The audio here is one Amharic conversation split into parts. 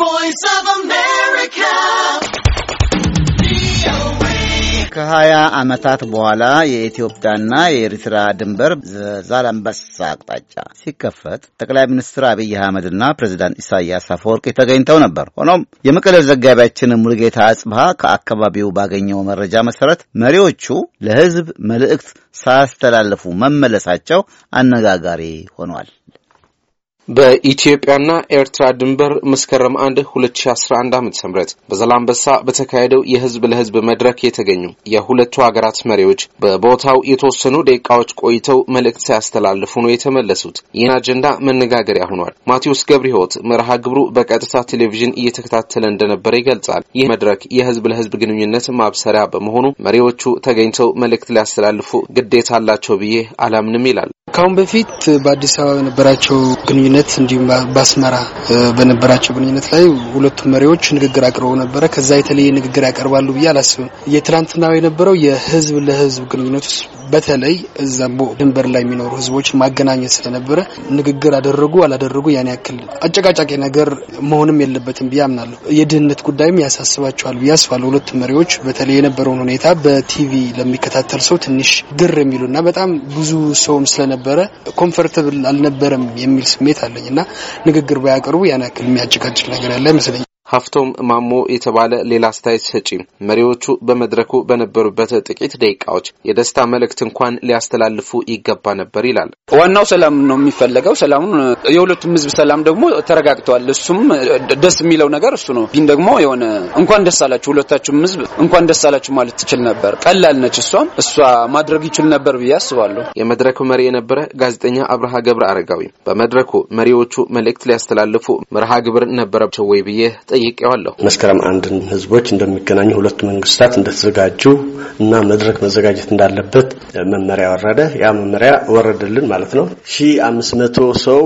voice of America. ከሀያ ዓመታት በኋላ የኢትዮጵያና የኤርትራ ድንበር ዛላምበሳ አቅጣጫ ሲከፈት ጠቅላይ ሚኒስትር አብይ አህመድና ፕሬዚዳንት ኢሳያስ አፈወርቅ ተገኝተው ነበር። ሆኖም የመቀለል ዘጋቢያችን ሙልጌታ አጽብሃ ከአካባቢው ባገኘው መረጃ መሰረት መሪዎቹ ለሕዝብ መልእክት ሳያስተላልፉ መመለሳቸው አነጋጋሪ ሆኗል። በኢትዮጵያና ኤርትራ ድንበር መስከረም አንድ ሁለት ሺ አስራ አንድ በተካሄደው የህዝብ ለህዝብ መድረክ የተገኙ የሁለቱ ሀገራት መሪዎች በቦታው የተወሰኑ ደቂቃዎች ቆይተው መልእክት ሲያስተላልፉ ነው የተመለሱት። ይህን አጀንዳ መነጋገሪያ ሆኗል። ማቴዎስ ገብረ ህይወት መርሃ ግብሩ በቀጥታ ቴሌቪዥን እየተከታተለ እንደነበረ ይገልጻል። ይህ መድረክ የህዝብ ለህዝብ ግንኙነት ማብሰሪያ በመሆኑ መሪዎቹ ተገኝተው መልእክት ሊያስተላልፉ ግዴታ አላቸው ብዬ አላምንም ይላል። ከአሁን በፊት በአዲስ አበባ በነበራቸው ግንኙነት እንዲሁም በአስመራ በነበራቸው ግንኙነት ላይ ሁለቱም መሪዎች ንግግር አቅርበው ነበረ። ከዛ የተለየ ንግግር ያቀርባሉ ብዬ አላስብም። የትላንትናው የነበረው የህዝብ ለህዝብ ግንኙነት ውስጥ በተለይ እዛም ድንበር ላይ የሚኖሩ ህዝቦችን ማገናኘት ስለነበረ ንግግር አደረጉ አላደረጉ ያን ያክል አጨቃጫቂ ነገር መሆንም የለበትም ብዬ አምናለሁ። የድህነት ጉዳይም ያሳስባቸዋል ብዬ አስባለሁ። ሁለቱም መሪዎች በተለይ የነበረውን ሁኔታ በቲቪ ለሚከታተል ሰው ትንሽ ግር የሚሉና በጣም ብዙ ሰውም ስለነበ ስለነበረ ኮንፈርተብል አልነበረም የሚል ስሜት አለኝ እና ንግግር ባያቀርቡ ያን ያክል የሚያጭቃጭል ነገር ያለ አይመስለኝ። ሀፍቶም ማሞ የተባለ ሌላ አስተያየት ሰጪ መሪዎቹ በመድረኩ በነበሩበት ጥቂት ደቂቃዎች የደስታ መልእክት እንኳን ሊያስተላልፉ ይገባ ነበር ይላል። ዋናው ሰላም ነው የሚፈለገው። ሰላሙን የሁለቱም ህዝብ ሰላም ደግሞ ተረጋግተዋል። እሱም ደስ የሚለው ነገር እሱ ነው። ግን ደግሞ የሆነ እንኳን ደስ አላችሁ ሁለታችሁም ህዝብ እንኳን ደስ አላችሁ ማለት ትችል ነበር። ቀላል ነች እሷም እሷ ማድረግ ይችል ነበር ብዬ አስባለሁ። የመድረኩ መሪ የነበረ ጋዜጠኛ አብርሃ ገብረ አረጋዊ በመድረኩ መሪዎቹ መልእክት ሊያስተላልፉ መርሃ ግብር ነበረቸው ወይ ብዬ ጠይቄዋለሁ። መስከረም አንድን ህዝቦች እንደሚገናኙ ሁለቱ መንግስታት እንደተዘጋጁ እና መድረክ መዘጋጀት እንዳለበት መመሪያ ወረደ። ያ መመሪያ ወረደልን ማለት ነው። ሺ አምስት መቶ ሰው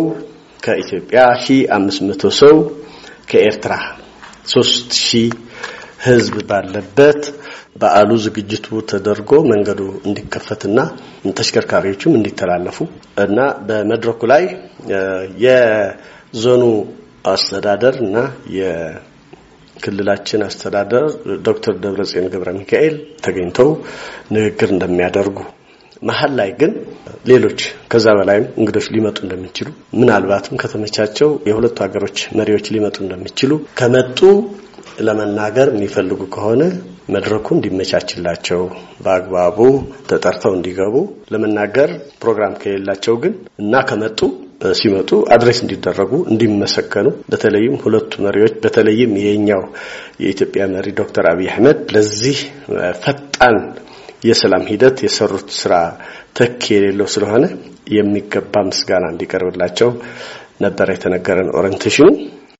ከኢትዮጵያ ሺ አምስት መቶ ሰው ከኤርትራ ሶስት ሺህ ህዝብ ባለበት በዓሉ ዝግጅቱ ተደርጎ መንገዱ እንዲከፈትና ተሽከርካሪዎቹም እንዲተላለፉ እና በመድረኩ ላይ የዞኑ አስተዳደር እና የክልላችን አስተዳደር ዶክተር ደብረጽዮን ገብረ ሚካኤል ተገኝተው ንግግር እንደሚያደርጉ መሀል ላይ ግን ሌሎች ከዛ በላይም እንግዶች ሊመጡ እንደሚችሉ ምናልባትም ከተመቻቸው የሁለቱ ሀገሮች መሪዎች ሊመጡ እንደሚችሉ ከመጡ ለመናገር የሚፈልጉ ከሆነ መድረኩ እንዲመቻችላቸው በአግባቡ ተጠርተው እንዲገቡ ለመናገር ፕሮግራም ከሌላቸው ግን እና ከመጡ ሲመጡ አድሬስ እንዲደረጉ እንዲመሰገኑ፣ በተለይም ሁለቱ መሪዎች በተለይም የኛው የኢትዮጵያ መሪ ዶክተር አብይ አህመድ ለዚህ ፈጣን የሰላም ሂደት የሰሩት ስራ ተኪ የሌለው ስለሆነ የሚገባ ምስጋና እንዲቀርብላቸው ነበር የተነገረን ኦሪንቴሽኑ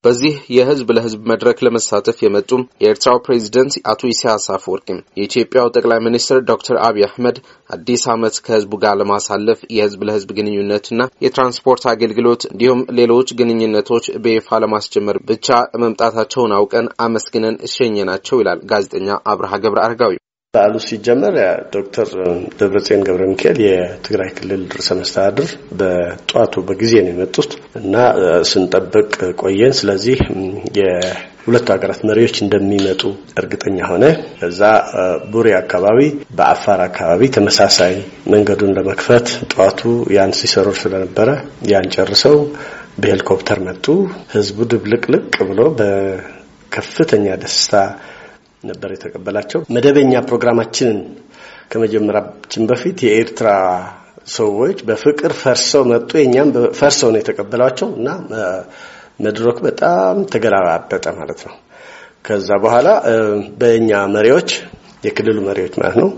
በዚህ የህዝብ ለህዝብ መድረክ ለመሳተፍ የመጡም የኤርትራው ፕሬዚደንት አቶ ኢሳያስ አፈወርቂም የኢትዮጵያው ጠቅላይ ሚኒስትር ዶክተር አብይ አህመድ አዲስ ዓመት ከህዝቡ ጋር ለማሳለፍ የህዝብ ለህዝብ ግንኙነትና የትራንስፖርት አገልግሎት እንዲሁም ሌሎች ግንኙነቶች በይፋ ለማስጀመር ብቻ መምጣታቸውን አውቀን አመስግነን እሸኘ ናቸው ይላል ጋዜጠኛ አብርሃ ገብረ አርጋዊ። በዓሉ ሲጀመር ዶክተር ደብረጽዮን ገብረ ሚካኤል የትግራይ ክልል ርዕሰ መስተዳድር በጠዋቱ በጊዜ ነው የመጡት እና ስንጠብቅ ቆየን። ስለዚህ የሁለቱ ሀገራት መሪዎች እንደሚመጡ እርግጠኛ ሆነ። ከዛ ቡሬ አካባቢ፣ በአፋር አካባቢ ተመሳሳይ መንገዱን ለመክፈት ጠዋቱ ያን ሲሰሩ ስለነበረ ያን ጨርሰው በሄሊኮፕተር መጡ። ህዝቡ ድብልቅልቅ ብሎ በከፍተኛ ደስታ ነበር የተቀበላቸው። መደበኛ ፕሮግራማችንን ከመጀመራችን በፊት የኤርትራ ሰዎች በፍቅር ፈርሰው መጡ። የእኛም ፈርሰው ነው የተቀበሏቸው እና መድረክ በጣም ተገላበጠ ማለት ነው። ከዛ በኋላ በእኛ መሪዎች የክልሉ መሪዎች ማለት ነው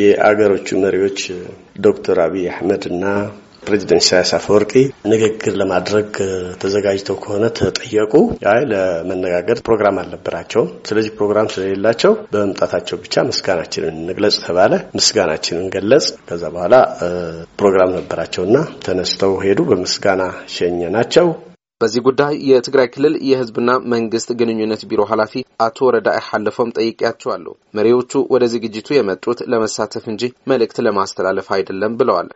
የአገሮቹ መሪዎች ዶክተር አብይ አህመድ እና ፕሬዚደንት ኢሳያስ አፈወርቂ ንግግር ለማድረግ ተዘጋጅተው ከሆነ ተጠየቁ። አይ ለመነጋገር ፕሮግራም አልነበራቸውም። ስለዚህ ፕሮግራም ስለሌላቸው በመምጣታቸው ብቻ ምስጋናችንን እንግለጽ ተባለ። ምስጋናችንን ገለጽ። ከዛ በኋላ ፕሮግራም ነበራቸውና ተነስተው ሄዱ። በምስጋና ሸኘ ናቸው። በዚህ ጉዳይ የትግራይ ክልል የህዝብና መንግስት ግንኙነት ቢሮ ኃላፊ አቶ ረዳ ሓለፎም ጠይቄያቸዋለሁ። መሪዎቹ ወደ ዝግጅቱ የመጡት ለመሳተፍ እንጂ መልእክት ለማስተላለፍ አይደለም ብለዋል።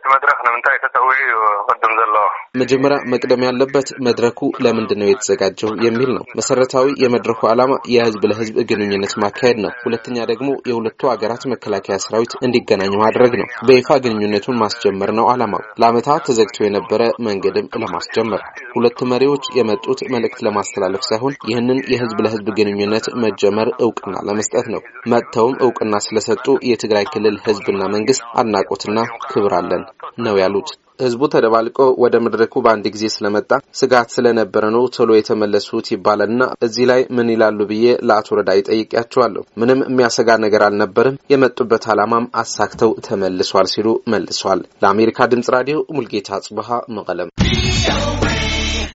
መጀመሪያ መቅደም ያለበት መድረኩ ለምንድን ነው የተዘጋጀው የሚል ነው። መሰረታዊ የመድረኩ ዓላማ የህዝብ ለህዝብ ግንኙነት ማካሄድ ነው። ሁለተኛ ደግሞ የሁለቱ ሀገራት መከላከያ ሰራዊት እንዲገናኙ ማድረግ ነው። በይፋ ግንኙነቱን ማስጀመር ነው ዓላማው። ለአመታት ተዘግቶ የነበረ መንገድም ለማስጀመር ሁለቱ መሪዎች የመጡት መልእክት ለማስተላለፍ ሳይሆን ይህንን የህዝብ ለህዝብ ግንኙነት መጀመር እውቅና ለመስጠት ነው። መጥተውም እውቅና ስለሰጡ የትግራይ ክልል ህዝብና መንግስት አድናቆትና ክብር አለን ነው ያሉት። ህዝቡ ተደባልቆ ወደ መድረኩ በአንድ ጊዜ ስለመጣ ስጋት ስለነበረ ነው ቶሎ የተመለሱት ይባላልና እዚህ ላይ ምን ይላሉ ብዬ ለአቶ ረዳይ ጠይቄያቸዋለሁ። ምንም የሚያሰጋ ነገር አልነበርም፣ የመጡበት ዓላማም አሳክተው ተመልሷል ሲሉ መልሷል። ለአሜሪካ ድምጽ ራዲዮ ሙልጌታ ጽብሃ መቀለም